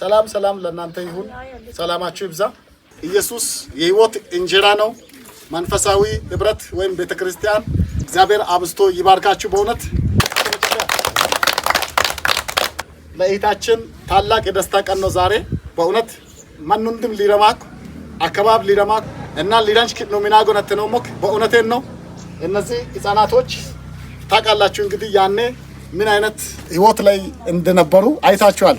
ሰላም ሰላም ለእናንተ ይሁን። ሰላማችሁ ይብዛ። ኢየሱስ የህይወት እንጀራ ነው። መንፈሳዊ ህብረት ወይም ቤተ ክርስቲያን እግዚአብሔር አብዝቶ ይባርካችሁ። በእውነት ለእህታችን ታላቅ የደስታ ቀን ነው ዛሬ። በእውነት ማንንድም ሊረማክ አካባቢ ሊረማክ እና ሊዳንሽ ነው ነው ሞክ በእውነቴን ነው። እነዚህ ህጻናቶች ታውቃላችሁ እንግዲህ ያኔ ምን አይነት ህይወት ላይ እንደነበሩ አይታችኋል።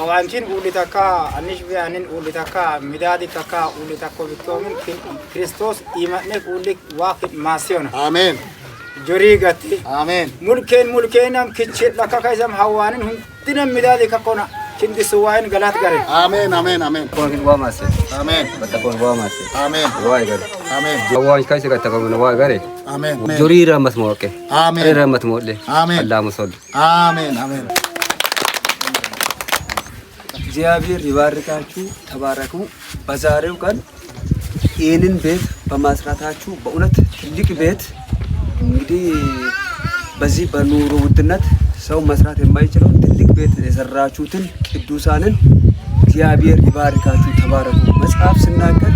awantiin uuli takka anish biyaanin uuli takka midaadi takka uuli takko bittoomin kiristoos iima'ne uuli waa maasiyoona amen jorii gatti amen mulkeen mulkeenam kichil dhakka ka isam hawaanin hundinan midaadi kakkona kindi suwaayin galaat gare amen amen amen koonkin waa maase amen battakoon waa maase amen waa gare amen awaan kaisa gattakoon waa gare amen jorii raamat mooke amen raamat moodhe amen allaa musolli amen amen, amen. amen. amen. amen. amen. amen. amen. amen. እግዚአብሔር ይባርካችሁ፣ ተባረኩ። በዛሬው ቀን ይህንን ቤት በማስራታችሁ በእውነት ትልቅ ቤት እንግዲህ በዚህ በኑሮ ውድነት ሰው መስራት የማይችለው ትልቅ ቤት የሰራችሁትን ቅዱሳንን እግዚአብሔር ይባርካችሁ፣ ተባረኩ። መጽሐፍ ስናገር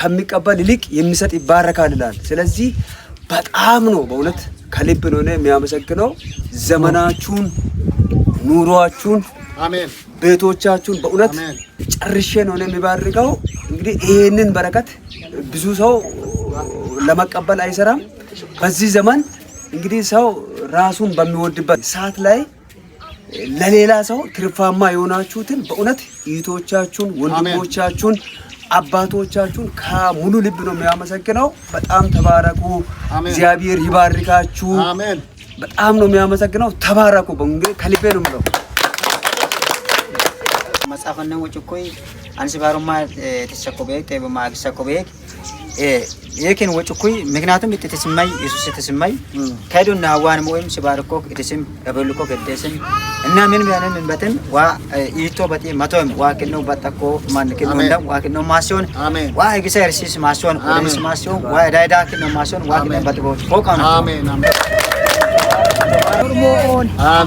ከሚቀበል ይልቅ የሚሰጥ ይባረካል ይላል። ስለዚህ በጣም ነው በእውነት ከልብ ነው የሚያመሰግነው ዘመናችሁን ኑሯችሁን ቤቶቻችሁን በእውነት ጨርሼ ነው የሚባርገው። እንግዲህ ይህንን በረከት ብዙ ሰው ለመቀበል አይሰራም። በዚህ ዘመን እንግዲህ ሰው ራሱን በሚወድበት ሰዓት ላይ ለሌላ ሰው ትርፋማ የሆናችሁትን በእውነት እህቶቻችሁን፣ ወንድሞቻችሁን፣ አባቶቻችሁን ከሙሉ ልብ ነው የሚያመሰግነው። በጣም ተባረኩ። እግዚአብሔር ይባርካችሁ። በጣም ነው የሚያመሰግነው። ተባረኩ። እንግዲህ ከልቤ ነው የምለው። matsaafan nama cikkooyi ansi ባሩማ ተሰኮ ቤክ ተይበማ አግሰኮ ቤክ የኪን ወጭኩይ ምክንያቱም እትተስማይ ኢየሱስ እትስማይ ከዱና ዋን ሞይም ሲባርኮ እትስም እበልኮ ገደስም እና ምን ቢያነ ምን በተን ዋ ይቶ በጤ መቶም ዋ ከነው በጣኮ ማን ከነው እንደም ዋ ከነው ማሲዮን ዋ እግሰር ሲስ ማሲዮን ኦንስ ማሲዮን ዋ ዳይዳ ከነው ማሲዮን ዋ ከነው በጥቦ ፎቃ ነው አሜን ኢየሱስ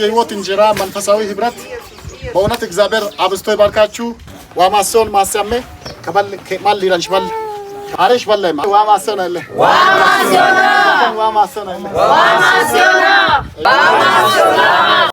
የህይወት እንጀራ መንፈሳዊ ህብረት በእውነት እግዚአብሔር አብዝቶ ይባርካችሁ። ዋማሶን ማሳሜ ከማል ሊረንሽበል Arish Balem. Wama Sonale. Wama Sona. Wama Sonale. Wama Sona.